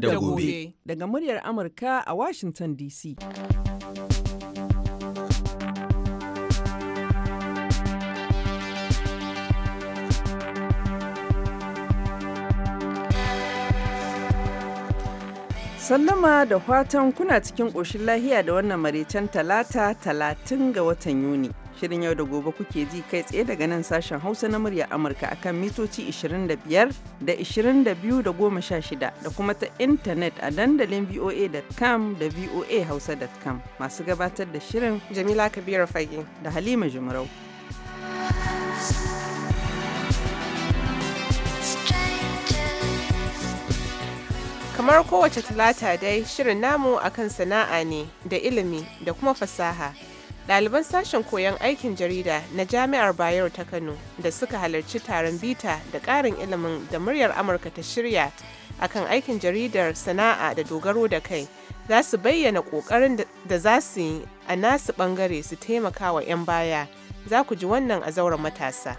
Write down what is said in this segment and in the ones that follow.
da gobe daga muryar Amurka a Washington DC. Sallama da fatan kuna cikin ƙoshin lahiya da wannan maraicen talata talatin ga watan Yuni. shirin yau da gobe kuke ji kai tsaye daga nan sashen Hausa na murya Amurka akan mitoci 25 da 22 da 16 da kuma ta intanet a dandalin voa.com da voahausa.com masu gabatar da shirin Jamila Kabiru Fage da Halima Jumrau. kamar kowace talata dai shirin namu akan sana'a ne da ilimi da kuma fasaha Ɗaliban sashen koyon aikin jarida na Jami'ar Bayero ta Kano da suka halarci taron bita da ƙarin ilimin da muryar Amurka ta shirya akan aikin jaridar sana'a da dogaro da kai za su bayyana ƙoƙarin da za su yi a nasu ɓangare su taimaka wa 'yan baya. Za ku ji wannan a zauren matasa.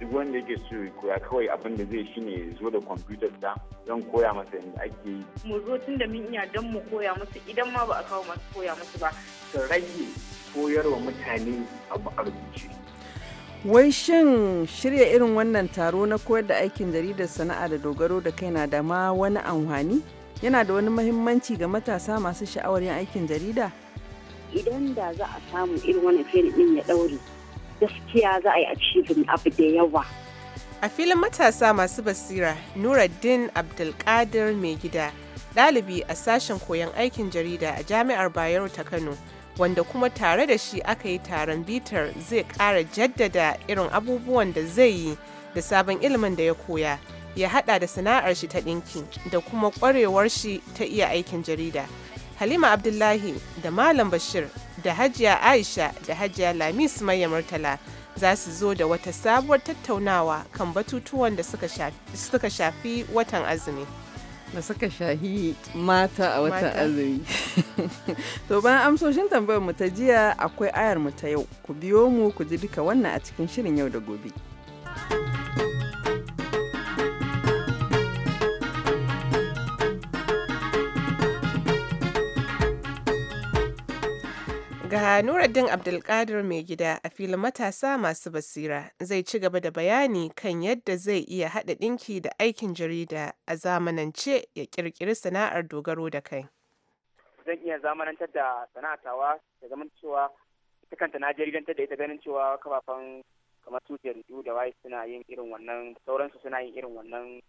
duk wanda yake so koya kawai abin da zai shine zo da kwamfutar ta zan koya masa yadda ake yi. Mu zo tun da mun iya don mu koya musu idan ma ba a kawo masu koya musu ba. Su rage koyarwa mutane abu a rubuce. Wai shin shirya irin wannan taro na koyar da aikin jaridar sana'a da dogaro da kai na da ma wani amfani? Yana da wani mahimmanci ga matasa masu sha'awar yin aikin jarida? Idan da za a samu irin wannan shirin din ya ɗaure gaskiya za a yi achieving abu da yawa a filin matasa masu basira nuruddin abdulkadir mai gida ɗalibi a sashen koyon aikin jarida a jami'ar bayero ta kano wanda kuma tare da shi aka yi taron bitar zai ƙara jaddada irin abubuwan da zai yi da sabon ilimin da ya koya ya hada da sana'ar shi ta ɗinki da kuma ƙwarewar shi ta iya aikin jarida halima abdullahi da malam bashir da Hajiya Aisha da Hajiya Lamis Maya Murtala za su zo da wata sabuwar tattaunawa kan batutuwan da suka shafi watan azumi. da suka shahi mata a watan azumi. to bayan amsoshin tambayar mu ta jiya akwai ayar mu ta yau. Ku biyo mu ku ji duka wannan a cikin shirin yau da gobe. Nuruddin Abdulkadir mai gida a filin matasa masu basira zai ci gaba da bayani kan yadda zai iya haɗa ɗinki da aikin jarida a zamanance ya ƙirƙiri sana'ar dogaro da kai. Zan iya zamanantar da sana'atawa da zaman cewa ita kanta na jaridantar da ita ganin cewa kafafen kamar su jaridu da waye suna yin irin wannan sauransu suna yin irin wannan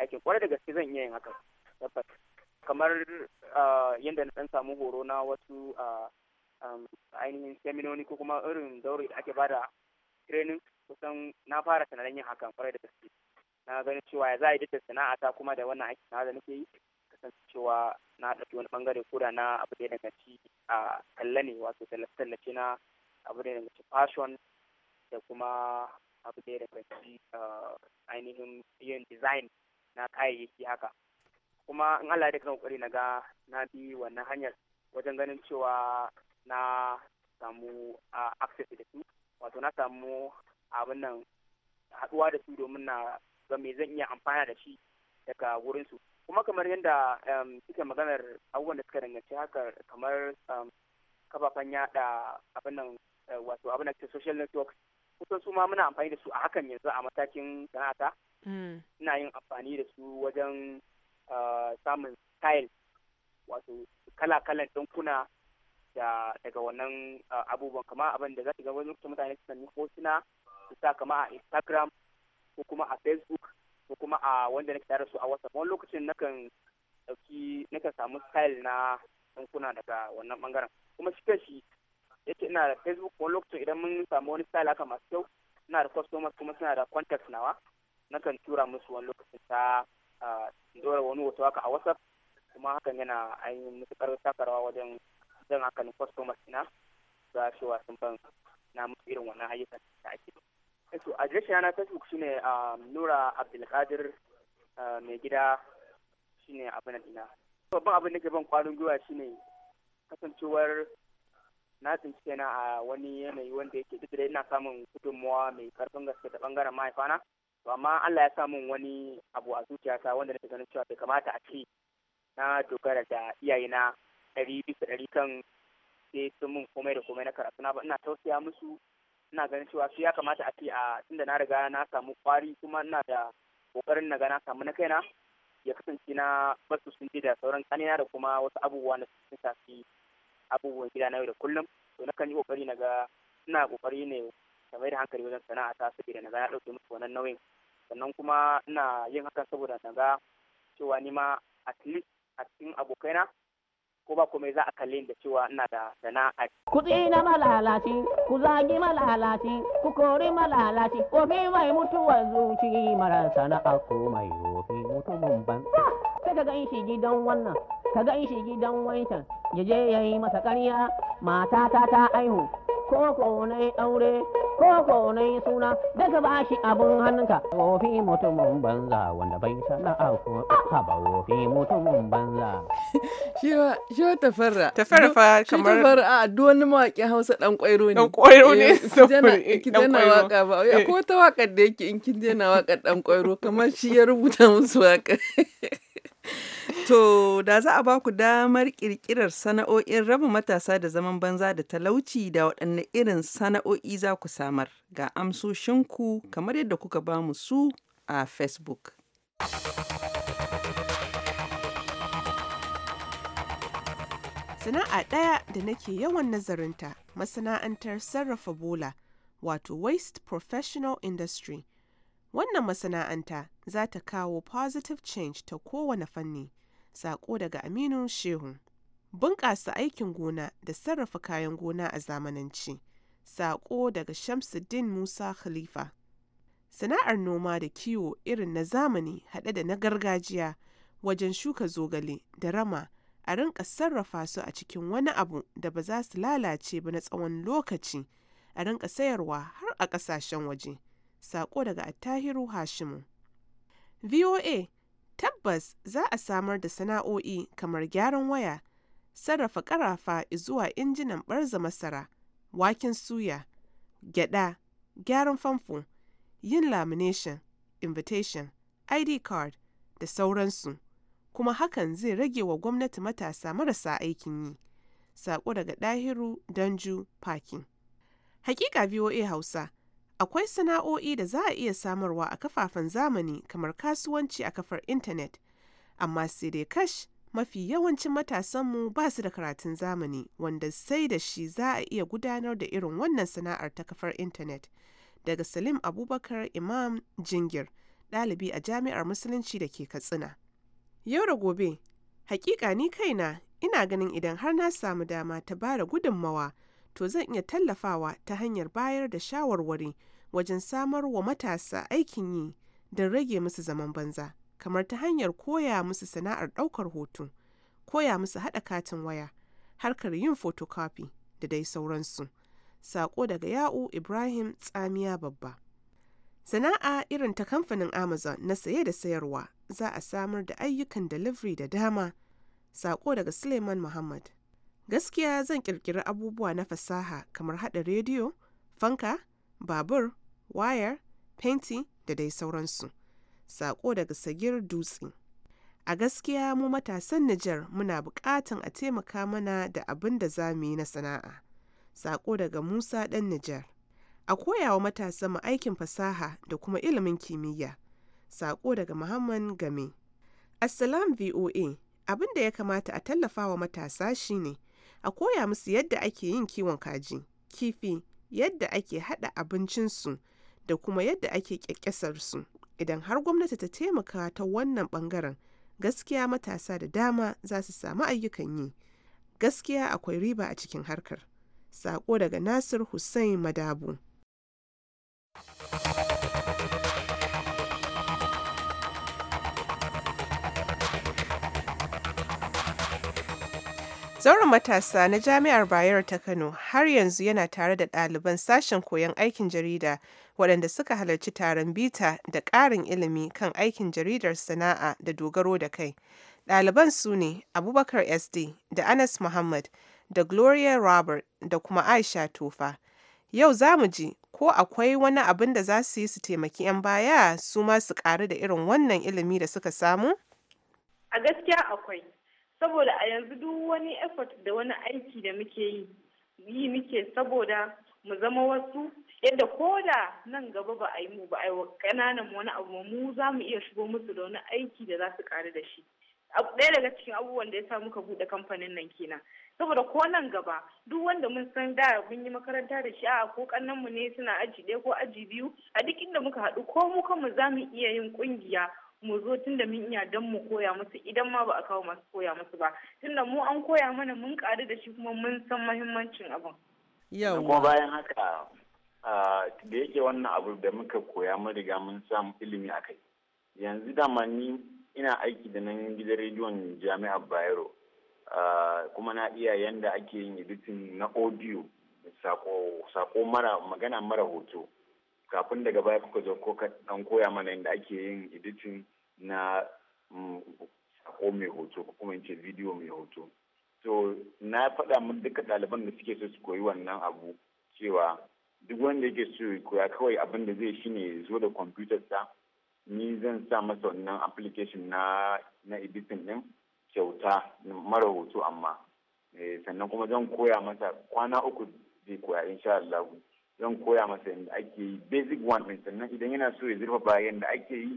aikin kwarai da gaske zan iya yin haka kamar ah, yadda na ɗan samu horo na wasu ah, Um, ainihin seminoni ko kuma irin zaure da ake bada training kusan na fara sanarin yin hakan kwarai da gaske na ganin cewa ya za a yi da sana'ata kuma da wannan aiki na da nake yi kasance cewa na ɗauki wani bangare ko da na abu da ya danganci a talla ne wato tallace na abu da ya danganci fashion da kuma abu da ya danganci ainihin yin design na kayayyaki haka kuma in Allah ya kan kokari na ga na bi wannan hanyar wajen ganin cewa na samu access da su wato na samu abin nan haɗuwa da su domin na ga me zan iya amfana da shi daga wurin su kuma kamar yadda suke maganar abubuwan da suka danganci haka kamar kafafen yada abin nan e, wato abin da social network kusan su ma muna amfani da su a hakan yanzu a matakin sana'ata hmm. ina yin amfani da su wajen e, samun style wato kala-kalan ɗankuna da daga wannan abubuwan kama abin da za ga wani lokacin mutane su sami hotuna su sa kama a instagram ko kuma a facebook ko kuma a wanda nake tare su a whatsapp wani lokacin nakan dauki nakan samu style na yankuna daga wannan bangaren kuma shi shi yace ina da facebook wani lokacin idan mun samu wani style haka masu kyau ina da customers kuma suna da contact nawa nakan tura musu wani lokacin ta dora wani wasu haka a whatsapp kuma hakan yana ainihin matuƙar takarwa wajen don haka ni customers na za cewa sun ban na irin wannan ayyukan da ake eh, to adireshin na facebook ne um, nura abdulkadir uh, mai gida ne abin dina babban abin da ke ban kwanon gwiwa ne kasancewar na bincike na a wani yanayi wanda yake duk da ina samun gudummawa mai karfin gaske da bangaren mahaifana to amma Allah ya samun wani abu a zuciyata wanda nake ganin cewa bai kamata a ce na dogara da iyayena ɗari bisa ɗari kan sai sun mun komai da komai na karatu na ba ina tausaya musu ina ganin cewa su ya kamata a ce a tunda na riga na samu kwari kuma ina da kokarin na ga na samu na kaina ya kasance na basu sun je da sauran kanina da kuma wasu abubuwa na sun shafi abubuwan gida na yau da kullum to na kan yi kokari na ga ina kokari ne ta mai da hankali wajen sana'a ta saboda na ga na ɗauke musu wannan nauyin sannan kuma ina yin hakan saboda na ga cewa ni ma a cikin abokaina ko ba komai za a kalle da cewa ina da sana'a. Ku tsina malalaci, ku zagi malalaci, ku kori malalaci, kofi mai mutuwar zuci mara sana'a ko mai wofi mutumin ban. Sai ka gan shi gidan wannan, ka gan shi gidan wancan, ya je ya masa karya, mata ta ta aihu, ko ko ne aure, ko gonai suna daga shi abun hannunka wofi mutumin banza wanda bai a ko haba wofi mutumin banza shi wa tafarra tafarra fa kamar shi tafarra a duk wani mawaƙin hausa dan kwairo ne dan kwairo ne eh, saboda ki dana waka ba ko ta waka da yake in kin dena waka dan kwairo kamar shi ya rubuta musu waka To, da za a ba ku damar ƙirƙirar sana'o'in raba matasa da zaman banza da talauci da waɗanne irin sana'o'i za ku samar ga amsoshinku kamar yadda kuka ba mu su a Facebook. Sana'a ɗaya da nake yawan nazarinta masana'antar sarrafa bola, wato Waste Professional Industry. Wannan masana'anta za ta kawo positive change ta kowane fanni. sako daga Aminu Shehu. Bunƙasa aikin gona da sarrafa kayan gona a zamanance. sako daga Shamsuddin Musa Khalifa. Sana'ar noma da kiwo irin na zamani haɗe da na gargajiya wajen shuka zogale da rama a rinka sarrafa su a cikin wani abu da ba za su lalace ba na tsawon lokaci a rinka sayarwa har a ƙasashen waje. Sako daga Attahiru Hashimu. VOA tabbas za a samar da sana'o'i kamar gyaran waya, sarrafa karafa zuwa injinan barza masara, waken suya, gyada, gyaran famfo, yin lamination, invitation, ID card da sauransu. Kuma hakan zai rage wa gwamnati matasa marasa aikin yi. Sako daga Dahiru Danju Parking. Hakika VOA Hausa Akwai sana'o'i da za a iya samarwa a kafafen zamani kamar kasuwanci a kafar intanet, amma sai dai kash mafi yawancin matasanmu ba su da karatun zamani wanda sai da shi za a iya gudanar da irin wannan sana'ar ta kafar intanet. Daga Salim Abubakar Imam Jingir, ɗalibi a Jami'ar Musulunci da ke Katsina. Yau da gobe, hakika ni kaina ina ganin idan har na samu dama ta bada gudunmawa to zan iya tallafawa ta hanyar bayar da shawarwari wajen samar wa matasa aikin yi don rage musu zaman banza, kamar ta hanyar koya musu sana'ar ɗaukar hoto, koya musu haɗa katin waya, harkar yin photocopy da dai sauransu. Saƙo daga Ya'u Ibrahim Tsamiya Babba. Sana'a irin ta kamfanin Amazon na saye da sayarwa za a samar da ayyukan delivery da dama. Saƙo daga Suleiman Muhammad. Gaskiya zan ƙirƙiri abubuwa na fasaha kamar haɗa rediyo, fanka, babur, wayar, fenti da dai sauransu. Saƙo daga Sagir Dutse. A gaskiya mu matasan Nijar muna buƙatan a taimaka mana da abin da za mu yi na sana'a. Saƙo daga Musa ɗan Nijar. A koyawa matasa mu aikin fasaha da kuma ilimin kimiyya. Saƙo daga Muhammad Game. Assalam VOA. Abin da ya kamata a tallafawa matasa shine a koya musu yadda ake yin kiwon kaji, kifi, yadda ake haɗa abincinsu da kuma yadda ake su Idan har gwamnati ta taimaka ta wannan ɓangaren gaskiya matasa da dama za su samu ayyukan yi. Gaskiya akwai riba a cikin harkar. Sako daga Nasir Hussain Madabu. Zauren matasa na Jami'ar Bayero ta Kano har yanzu yana tare da ɗaliban sashen koyon aikin jarida waɗanda suka halarci taron bita da ƙarin ilimi kan aikin jaridar sana'a da dogaro da kai. Ɗaliban su ne Abubakar SD da Anas Muhammad da Gloria Robert da kuma Aisha Tofa. Yau za mu ji ko akwai wani abin da za su yi su taimaki 'yan baya su ma su ƙaru da irin wannan ilimi da suka samu? A gaskiya akwai. saboda a yanzu duk wani effort da wani aiki da muke yi yi muke saboda mu zama wasu yadda da nan gaba ba a yi mu ba a yi wa ƙananan wani abu mu za mu iya shigo musu da wani aiki da za su ƙaru da shi ɗaya daga cikin abubuwan da ya sa muka buɗe kamfanin nan kenan saboda ko nan gaba duk wanda mun san da mun yi makaranta da shi a ko mu ne suna aji ɗaya ko aji biyu a duk inda muka haɗu ko mu kanmu za mu iya yin ƙungiya mu zo tunda mun iya don mu koya musu idan ma ba a kawo masu koya musu ba tunda mu an koya mana mun ƙaru da shi kuma mun san mahimmancin abin. Yawwa. Kuma bayan haka da yake wannan abu da muka koya mun riga mun samu ilimi a kai. Yanzu dama ni ina aiki da nan gidan rediyon jami'ar Bayero. kuma na iya yanda ake yin editing na audio sako mara magana mara hoto. kafin daga baya kuka zo ko dan koya mana inda ake yin editin na mm, sako mai hoto ko kuma ce video mai hoto to na faɗa min duka ɗaliban da suke so su koyi wannan abu cewa duk wanda yake so koya kawai abin da zai shine zo da kwamfutar sa ni zan sa masa wannan application na na editing din kyauta mara hoto amma eh, sannan kuma zan koya masa kwana uku zai koya sha Allah zan koya masa yadda ake yi basic one din sannan idan yana so ya zurfa ba yadda ake yi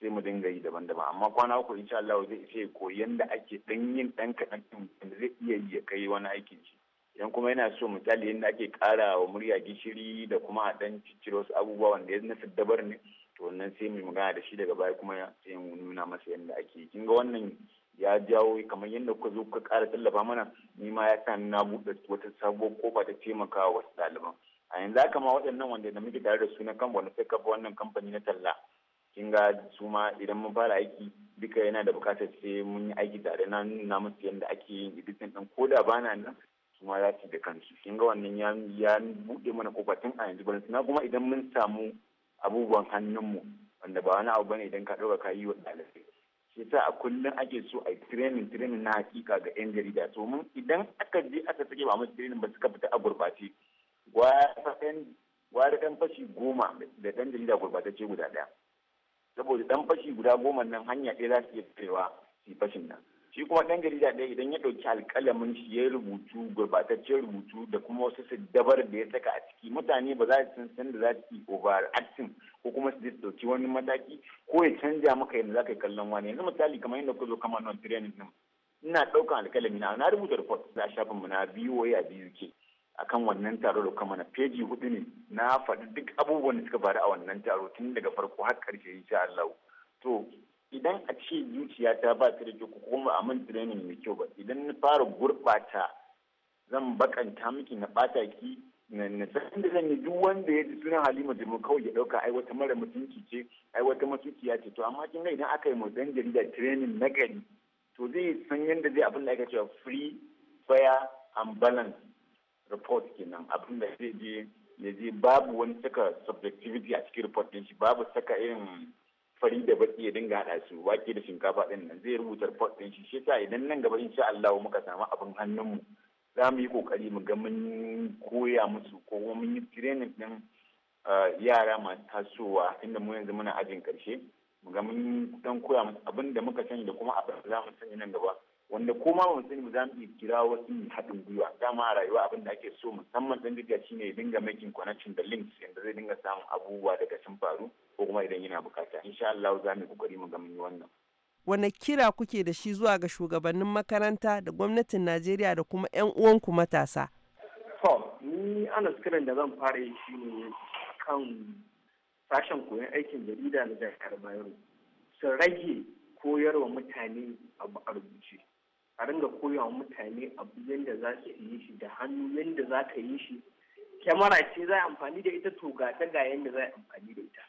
sai mu dinga yi daban-daban amma kwana uku insha Allah zai ce koyi yadda ake dan yin dan kaɗan din zai iya yi ya kai wani aikin shi idan kuma yana so misali yadda ake ƙara wa murya gishiri da kuma a dan cicciro wasu abubuwa wanda ya nasa dabar ne to wannan sai mu magana da shi daga baya kuma sai mu nuna masa yadda ake kin ga wannan ya jawo kamar yadda kuka zo kuka ƙara tallafa mana ni ma ya sa na buɗe wata sabuwar kofa ta taimaka wa wasu ɗaliban a yanzu haka ma waɗannan wanda da muke tare da su na kan wanda sai kafa wannan kamfani na talla kin ga su ma idan mun fara aiki duka yana da bukatar sai mun yi aiki tare na nuna musu yadda ake yin editing din ko da bana nan su ma za su da kansu kin ga wannan ya buɗe mana kofa tun a yanzu na kuma idan mun samu abubuwan hannunmu wanda ba wani abu bane idan ka ɗauka ka yi wa ɗalibai shi sa a kullum ake so a yi training training na hakika ga 'yan jarida to mun idan aka je aka sake ba mu training ba suka fita a gurɓace gwari ɗan fashi goma da ɗan jarida gurbatacce guda ɗaya saboda ɗan fashi guda goma nan hanya ɗaya za su iya kaiwa su fashin nan shi kuma ɗan jarida ɗaya idan ya ɗauki alƙalamin shi ya rubutu gurbataccen rubutu da kuma wasu dabar da ya saka a ciki mutane ba za su san da za su yi over acting ko kuma su ɗauki wani mataki ko ya canja maka yadda za ka yi kallon wani yanzu misali kamar yadda ku zo kamar non training ina ɗaukan alƙalami na na rubuta report a shafin mu na BOA a BUK akan wannan taro da kuma na feji hudu ne na faɗi duk abubuwan da suka faru a wannan taro tun daga farko har ƙarshe insha Allah to idan a ce zuciya ta ba ta da kyau ko kuma a mun training mai kyau ba idan na fara gurɓata zan bakanta miki na ɓata ki na san da zan yi duk wanda ya ji sunan Halima Jimu kawai ya ɗauka ai wata mara mutunci ce ai wata masukiya ce to amma kin ga idan aka yi motsan jarida training na gari to zai san yadda zai abin da aka cewa free fair and balance report kenan abin da zai je ya je babu wani saka subjectivity a cikin report din shi babu saka irin fari da baki ya dinga haɗa su wake da shinkafa din nan zai rubuta report din shi shi yasa idan nan gaba insha Allah muka samu abin mu za mu yi kokari mu ga mun koya musu ko mun yi training din eh, yara masu tasowa inda mu yanzu muna ajin karshe mu ga mun dan koya abin da muka sani da kuma abin da za mu sani nan gaba wanda ko ma sani ba za mu iya kira wasu mu haɗin gwiwa dama a rayuwa abin da ake so musamman dan jirga shine ya dinga making connection da links yanda zai dinga samun abubuwa daga sun faru ko kuma idan yana bukata insha Allah za mu kokari mu ga mun wannan wane kira kuke da shi zuwa ga shugabannin makaranta da gwamnatin Najeriya da kuma 'yan uwanku matasa? To, ni ana kiran da zan fara yi shi ne kan sashen koyon aikin jarida na da Bayero. Su rage koyarwa mutane abu a rubuce. a ringa koya wa mutane abu yadda za su yi shi da hannu yadda za ka yi shi kyamara ce za a amfani da ita to ga ta ga yadda za a amfani da ita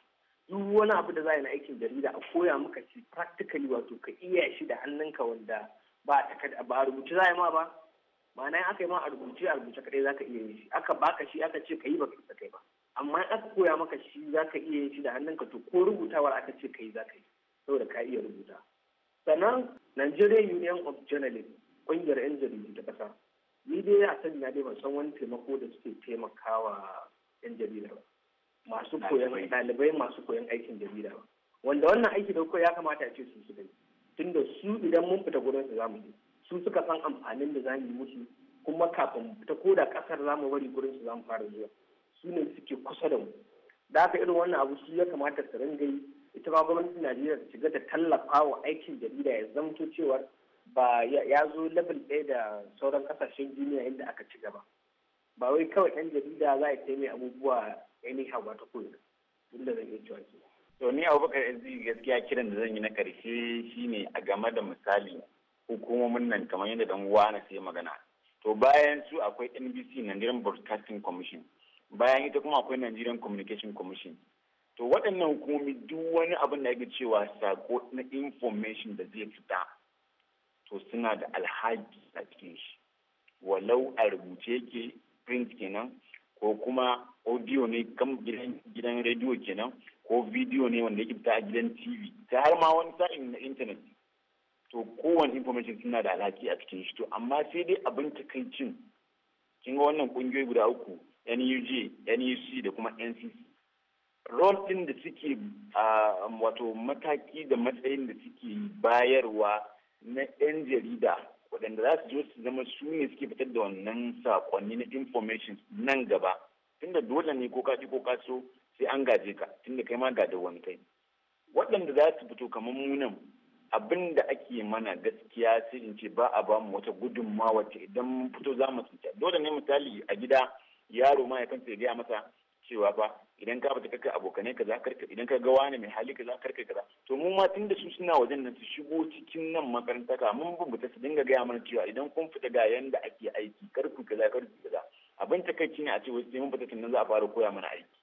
duk wani abu da za a yi na aikin jarida a koya maka shi practically wato ka iya shi da hannunka wanda ba a ba a rubuce za a yi ma ba ma'ana in aka yi ma a rubuce a rubuce kadai za ka iya yi shi aka baka shi aka ce ka yi ba ka kai ba amma in aka koya maka shi za ka iya yi shi da hannunka to ko rubutawar aka ce ka yi za ka yi saboda ka iya rubuta sannan Nigeria Union of Journalists ƙungiyar 'yan jaridu ta ƙasa. Ni dai ya sanya dai ban san wani taimako da suke taimakawa 'yan jarida ba. Masu koyon ɗalibai masu koyon aikin jarida ba. Wanda wannan aiki da ya kamata a ce su suka yi. Tunda su idan mun fita gudunsa za mu je. Su suka san amfanin da za mu yi musu kuma kafin mu fita ko da kasar za mu bari gudunsa zamu za mu fara zuwa su ne suke kusa da mu da haka irin wannan abu su ya kamata su ringa yi ita ma gwamnatin najeriya ta shiga ta tallafa wa aikin jarida ya zamto cewar ba ya zo level ɗaya da sauran kasashen duniya inda aka ci gaba ba wai kawai yan jarida za a taimai abubuwa anyhow ba ta koyi inda zan iya cewa ke to ni abubakar yanzu gaskiya kiran da zan yi na ƙarshe shine a game da misali hukumomin nan kamar yadda dan na sai magana to bayan su akwai nbc nigerian broadcasting commission bayan ita kuma akwai nigerian communication commission to waɗannan hukumomi duk wani abin da ake cewa sako na information da zai fita to suna da alhaki a cikin shi walau a rubuce yake print kenan ko kuma audio ne kan gidan radio kenan ko video ne wanda yake fita a gidan tv ta har ma wani sa'in na intanet to kowane information suna da alhaki a cikin shi to amma sai dai abin takaicin kin ga wannan kungiyoyi guda uku nuj nuc da kuma ncc rol ɗin da suke wato mataki da matsayin da suke bayarwa na 'yan jarida waɗanda za su zo su zama su ne suke fitar da wannan sakonni na information nan gaba tunda dole ne ko kaci ko kaso sai an gaje ka tunda kai ma gada wani kai waɗanda za su fito kamar munan abin da ake mana gaskiya sai in ce ba a ba mu wata gudunmawa wacce idan mun fito za mu dole ne misali a gida yaro ma ya kanta ya gaya masa cewa ba idan ka bata kakka abokanai ka za karka idan ka ga wani mai hali ka za karka kaza to mu ma da su suna wajen nan su shigo cikin nan makaranta ka mun bumbuta su dinga gaya mana cewa idan kun fita ga yanda ake aiki karku kaza karku kaza abin takaici ne a ce wasu sai mun fita tunan za a fara koya mana aiki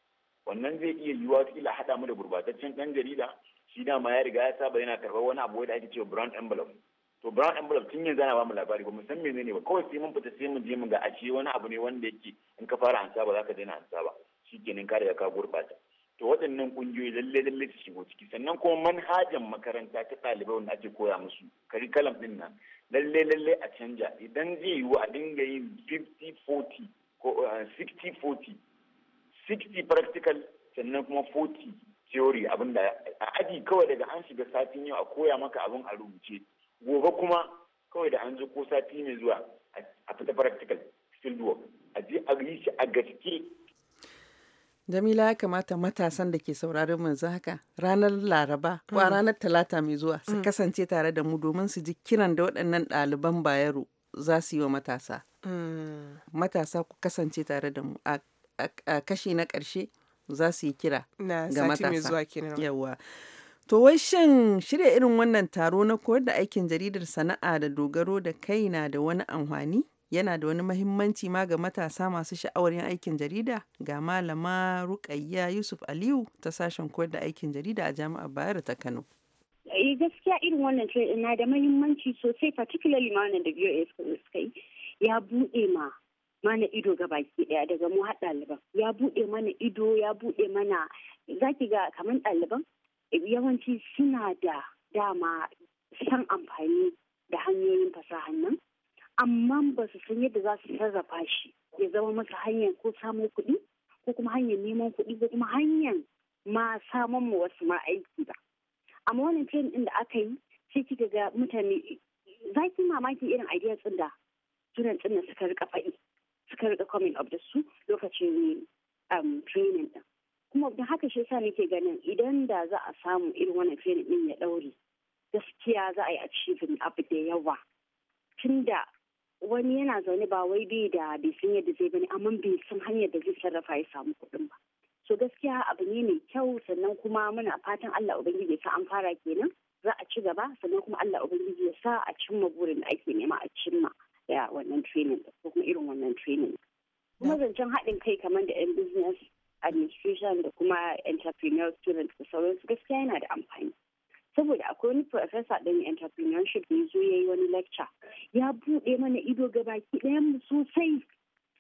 wannan zai iya yiwuwa kila haɗa mu da gurbataccen ɗan jarida shi dama ya riga ya saba yana karɓar wani abu da ake cewa brown envelope to brown envelope tun yanzu ana bamu labari ba mu san menene ba kawai sai mun fita sai mu je mu ga ashe wani abu ne wanda yake in ka fara ansa ba za ka daina ansa ba kenan ka da ka gurbata to waɗannan ƙungiyoyi lalle lalle su shigo ciki sannan kuma manhajan makaranta ta ɗalibai wanda ake koya musu curriculum ɗin nan lalle lalle a canja idan zai yiwu a dinga yin 50-40 ko 60-40 eh, 60 practical sannan kuma 40 theory abinda a aji kawai daga an shiga satin yau a koya maka abin a rubuce gobe kuma kawai da an zo ko sati mai zuwa a fita practical field work a je a yi shi a gaske Jamila ya kamata matasan da ke sauraron mu yanzu haka ranar Laraba ko mm. ranar Talata mai zuwa su mm. kasance tare da mu domin su ji kiran da waɗannan ɗaliban Bayero za su yi wa matasa. Mm. Matasa ku kasance tare da mu a kashi na ƙarshe za su yi kira Na ga matasa. Yawwa. To wai shin shirya irin wannan taro na koyar da aikin jaridar sana'a da dogaro da kai na da wani amfani? yana da wani mahimmanci ma ga matasa masu sha'awar yin aikin jarida ga malama rukayya yusuf aliyu ta sashen koyar da aikin jarida a jami'ar bayar ta kano eh, gaskiya irin wannan na da mahimmanci sosai particularly ma wannan da bos suka yi ya buɗe ma mana ido ga baki daya daga mu har ɗaliban ya buɗe mana ido ya buɗe mana zaki ga kamar ɗaliban eh, yawanci suna da dama san amfani da hanyoyin fasahan nan amma ba su san yadda za su sarrafa shi ya zama masa hanyar ko samun kuɗi ko kuma hanyar neman kuɗi ko kuma hanyar ma samun mu wasu ma aiki ba amma wannan training din da aka yi sai kika ga mutane za mamaki irin idea din da sunan din suka rika fadi suka rika coming up da su lokacin um, training din kuma da haka shi yasa nake ganin idan da za a samu irin wannan training din ya daure gaskiya za a yi achieving abu da yawa tunda wani yana zaune ba wai bai da bai san yadda zai bane amma bai san hanyar da zai sarrafa ya samu kuɗin ba so gaskiya abu ne mai kyau sannan kuma muna fatan Allah ubangiji sa an fara kenan za a ci gaba sannan kuma Allah ubangiji ya sa a cimma burin da ake nema a cimma da wannan training ko kuma irin wannan training kuma zancen haɗin kai kamar da 'yan business administration da kuma entrepreneur student da sauransu gaskiya yana da amfani saboda akwai wani professor ɗin entrepreneurship ne zo ya yi wani lecture ya buɗe mana ido gabaki ɗayan mu sosai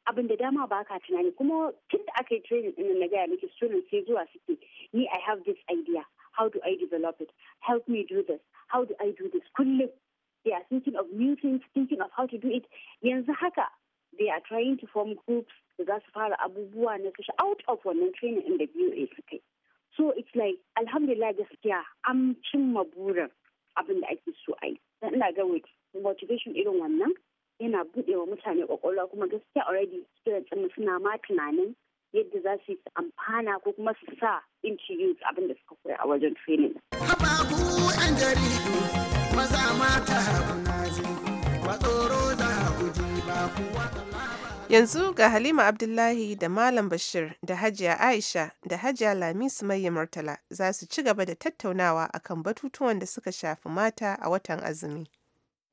abin da dama ba ka tunani kuma tun da aka yi training ɗin na gaya miki students sai zuwa suke ni I have this idea how do I develop it help me do this how do I do this kullum they are thinking of new things thinking of how to do it yanzu haka they are trying to form groups da za su fara abubuwa na kashe out of wannan training in da BOA suka yi so it's like alhamdulillah gaskiya an cimma burin abin da ake so a yi ina ga with motivation irin wannan yana buɗe wa mutane ƙwaƙwalwa kuma gaskiya already students ɗin suna ma tunanin yadda za su yi amfana ko kuma su sa ci use abin da suka koya a wajen training. Hababu 'yan jaridu maza mata Yanzu ga Halima Abdullahi da Malam Bashir da Hajiya Aisha da Hajiya Lamisu Maye Murtala za su ci gaba da tattaunawa a kan batutuwan da suka shafi mata a watan azumi.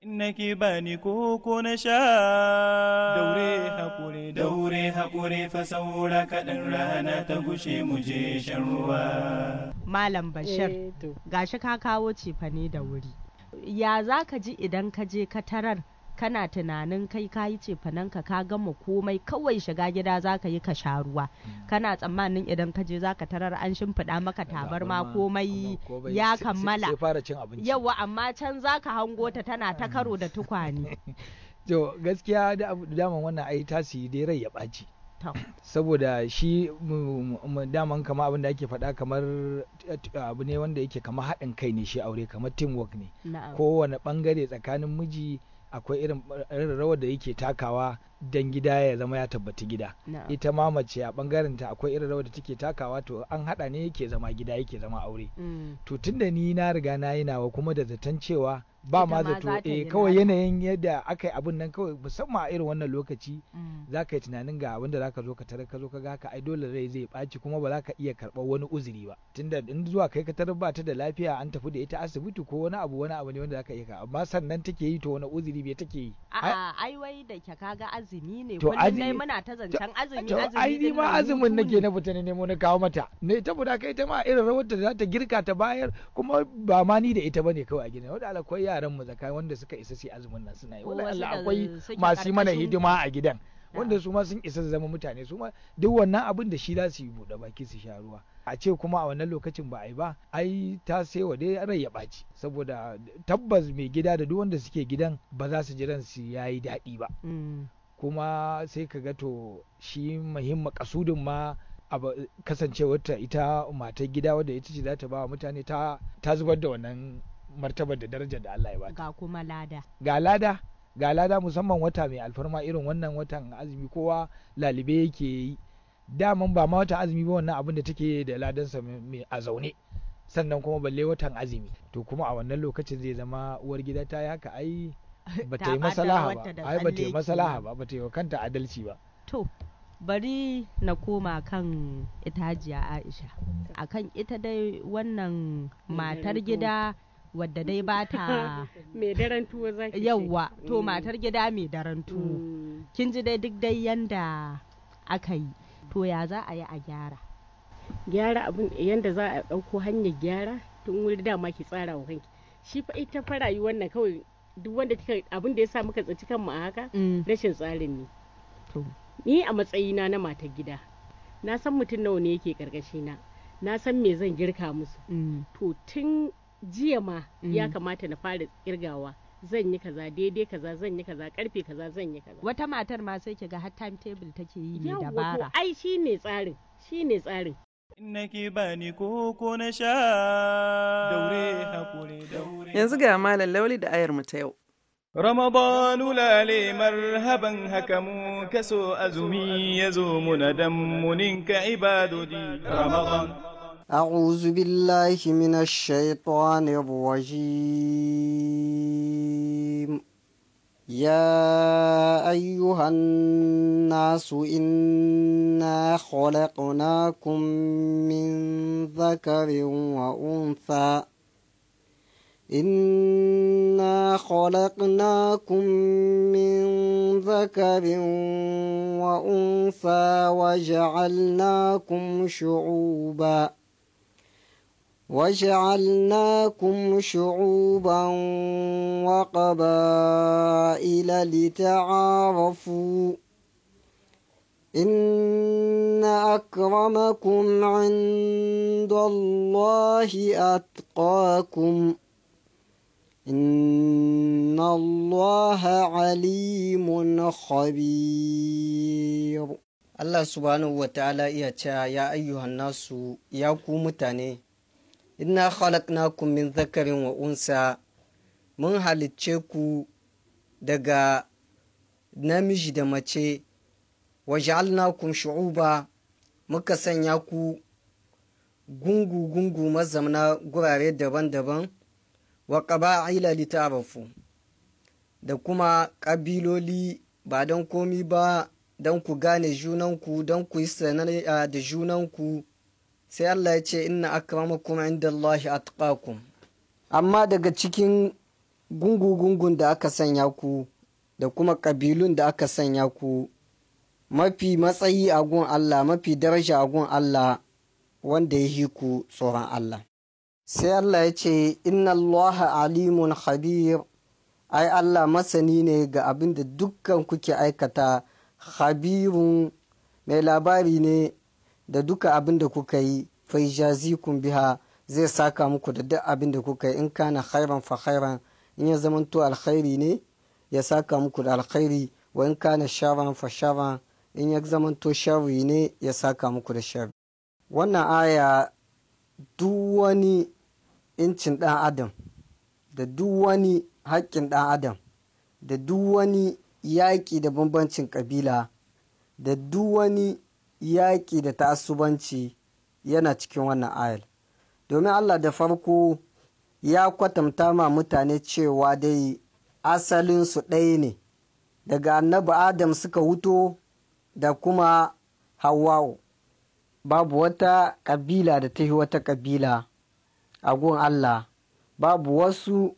Innaki bani koko na sha daure haƙure daure fa saura kaɗan rana ta gushe mu je shan ruwa. Malam Bashir eh, gashi ka kawo cefane da wuri. Ya za ka ji idan ka je katarar kana tunanin kai ka yi cefananka ka gama komai kawai shiga gida za ka yi ka sha ruwa mm. kana tsammanin idan ka je za ka tarar an shimfiɗa maka tabarma komai ya kammala yawa amma can za ka hango ta tana ta karo da tukwane to gaskiya da daman wannan ai tasiri dai rai ya ɓaci saboda shi daman kama abin da ake faɗa kamar eh, abu ne wanda yake kama haɗin kai ne shi aure kamar teamwork ne kowane ɓangare tsakanin miji akwai irin rawar da yake takawa dan gida ya zama ya tabbati gida ita ma mace a bangaren ta akwai irin rawar da take takawa to an hada ne yake zama gida yake zama aure mm. to tunda ni na riga na yi nawa kuma da zaton cewa ba ma zato eh kawai yanayin yadda aka yi abin nan kawai musamman a irin wannan lokaci mm. za ka yi tunanin ga wanda da za ka zo ka tarar ka zo ka ga ka ai dole rai zai ɓaci kuma ba za ka iya karɓar wani uzuri ba tunda in zuwa kai ka tarar ba ta da lafiya an tafi da ita asibiti ko wani abu wani abu ne wanda za ka iya ka amma sannan take yi to wani uzuri bai take yi a'a ai wai da ka kaga azumi ne kullum dai muna ta zancen azumi azumi ai ni ma azumin nake na fita ne nemo na kawo mata ne ta buda kai ta ma irin rawar da za ta girka ta bayar kuma ba ma ni da ita bane kawai a gidan wanda alakwai yaran mu zakai wanda suka isa su azumin nan suna yi wala Allah akwai masu mana hidima a gidan wanda su ma sun isa zama mutane su ma duk wannan abin da shi za su yi buɗe baki su sha ruwa a ce kuma a wannan lokacin ba a yi ba ai ta sai wa dai rai ya ɓaci saboda tabbas mai gida da duk wanda suke gidan ba za su jiran su yayi daɗi ba mm. kuma sai ka ga to shi muhimmin kasudin ma kasancewarta ita matar gida wadda ita ce za ta ba wa mutane ta zubar da wannan martabar da darajar da Allah ya bata ga kuma lada ga lada ga lada musamman wata mai alfarma irin wannan watan azumi kowa lalibe yake yi daman ba ma wata azumi ba wannan abin da take da ladansa mai a zaune sannan kuma balle watan azumi to kuma a wannan lokacin zai zama uwar gida ta yi haka ai ba ta yi masalaha ba ai ba ta yi masalaha ba ba ta yi kanta adalci ba to bari na koma kan ita aisha akan ita dai wannan matar gida wadda dai ba ta mai daren tuwo za yawwa to mm. matar gida mai daren tuwo mm. kin ji dai duk dai yanda aka yi to ya za a yi a gyara gyara abin yanda za a ɗauko hanyar gyara tun wuri dama ki tsara wa kanki shi fa ita fara yi wannan kawai duk wanda kika abin da ya sa muka tsaci kanmu a haka mm. rashin tsarin ne ni a matsayina na matar gida na san mutum nawa ne yake karkashina. na san me zan girka musu to tun jiya ma mm. ya kamata na fara kirgawa zan yi kaza daidai kaza zan yi kaza karfe kaza zan yi kaza wata matar ma sai kiga har table take yi ne dabara ai shine tsarin shine tsarin Nake bani koko na sha daure hakuri daure yanzu ga malam lauli da ayar mu ta yau Ramadanu lale marhaban haka mu kaso azumi ya zo muna dan muninka ibadodi Ramadan أعوذ بالله من الشيطان الرجيم يا أيها الناس إنا خلقناكم من ذكر وأنثى إنا خلقناكم من ذكر وأنثى وجعلناكم شعوباً وجعلناكم شعوبا وقبائل لتعارفوا إن أكرمكم عند الله أتقاكم إن الله عليم خبير الله سبحانه وتعالى يا أيها الناس يا متاني inna khalaqnakum min zakarin wa unsa mun halicce ku daga namiji da mace wa ja'alnakum shu'uba muka sanya ku gungu-gungu mazamna gurare daban-daban wa qaba'ila litarafu da kuma ƙabiloli ba don komi ba don ku gane junanku don ku yi sanayya da junan ku. sai Allah ya ce inna akramakum indallahi atqakum amma daga cikin gungu-gungun da aka sanya ku da kuma ƙabilun da aka sanya ku mafi matsayi a gun Allah mafi daraja a gun Allah wanda ya yi ku tsoron Allah sai Allah ya ce inna Allah alimun habir ai Allah masani ne ga abin da dukkan kuke aikata habirun mai labari ne da duka abin da kuka yi fai biha zai saka muku da duk abin da kuka yi in kana khairan fa khairan in ya zamanto alkhairi ne ya saka muku da alkhairi wa in kana sharan fa sharan in ya zamanto sharri ne ya saka muku da sharri wannan aya duk wani incin dan adam da duk wani haƙƙin dan adam da duk wani yaƙi da bambancin ƙabila da duk wani yaƙi da ta'assubanci yana cikin wannan ayar domin allah da farko ya kwatanta ma mutane cewa dai asalinsu ɗaya ne daga annabi adam suka wuto da kuma hawa'u babu wata ƙabila da ta yi wata ƙabila a gun allah babu wasu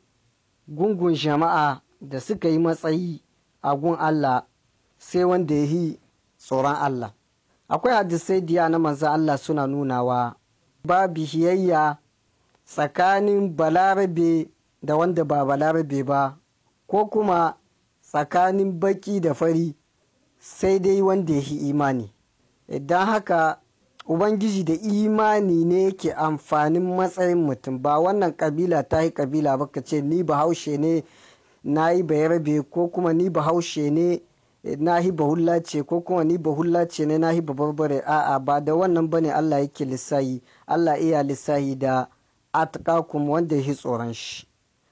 gungun jama'a da suka yi matsayi a gun allah sai wanda ya yi tsoron allah akwai hadisai diya na manzan Allah suna nunawa Ba hiyayya tsakanin balarabe da wanda ba balarabe ba ko kuma tsakanin baki da fari sai dai wanda ya imani idan haka ubangiji da imani ne yake amfanin matsayin mutum ba wannan kabila ta yi kabila ba ka ce ni bahaushe ne na yi bayarbe ko kuma ni bahaushe ne Eh, nahi bahulla ce ko kuma ni bahulla ce ne nahi babbare a'a ba da wannan bane Allah yake lissahi Allah iya lissahi da atqakum wanda ya tsoron shi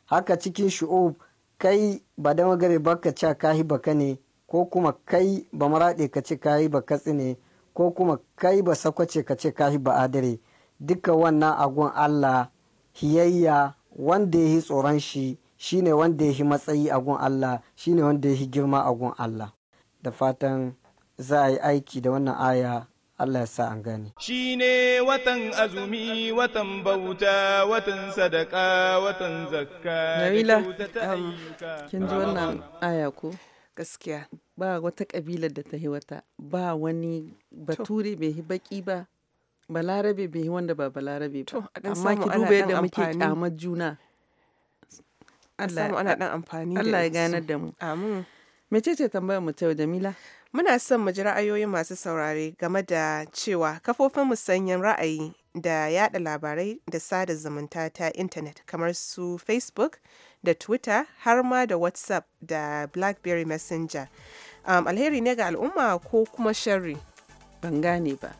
haka cikin shu'ub kai ba da magare baka ka kahi baka ne ko kuma kai ba maraɗe ka ce kahi ba katsi ne ko kuma kai ba sakwace ka ce kahi ba adare duka wannan agon Allah hiyayya wanda ya tsoron shi shine wanda ya matsayi agun Allah shine wanda ya girma agun Allah da fatan za a yi aiki da wannan aya Allah ya sa an gane. Shi ne watan azumi, watan bauta, watan sadaka, watan zakka. Nabila, um, kin ji wannan aya ko? Gaskiya. Ba wata ƙabila da ta wata, ba wani bature bai yi baki ba, balarabe bai yi wanda ba balarabe ba. Amma ki duba yadda muke ƙamar juna. Allah ya ganar da mu. Amin. mace ce tambayar mu ta yau Jamila? Muna son mu ji ra'ayoyin masu saurare game da cewa kafofin musanyen ra'ayi da yada labarai da sada zumunta ta intanet kamar su Facebook da Twitter har ma da WhatsApp da Blackberry Messenger. Um, alheri ne ga al'umma ko kuma sharri? Ban gane ba.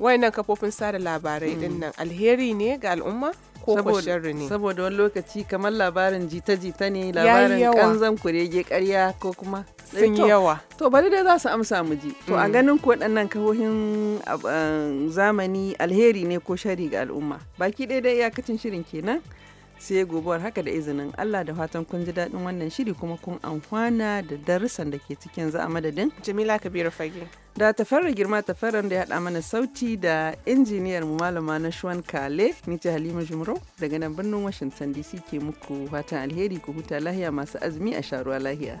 Wayannan kafofin sada labarai mm. dinnan alheri ne ga al'umma? ko ko ne saboda wani lokaci kamar labarin jita-jita ne labarin kanzan kurege karya ko kuma sun eh, yawa to bari dai za su amsa mu ji to a mm. ganin ko waɗannan kahohin eh, zamani alheri ne ko shari ga al'umma baki ɗaya da iyakacin shirin kenan sai gobuwar haka da izinin Allah da fatan kun ji daɗin wannan shiri kuma kun amfana da darussan da ke cikin za a madadin. Jamila Kabiru Fage. Da tafarra girma tafarran da ya haɗa mana sauti da injiniyar mu malama na Shuan Kale ni ce Halima Jumro daga nan birnin Washington DC ke muku fatan alheri ku huta lahiya masu azumi a sharuwa lahiya.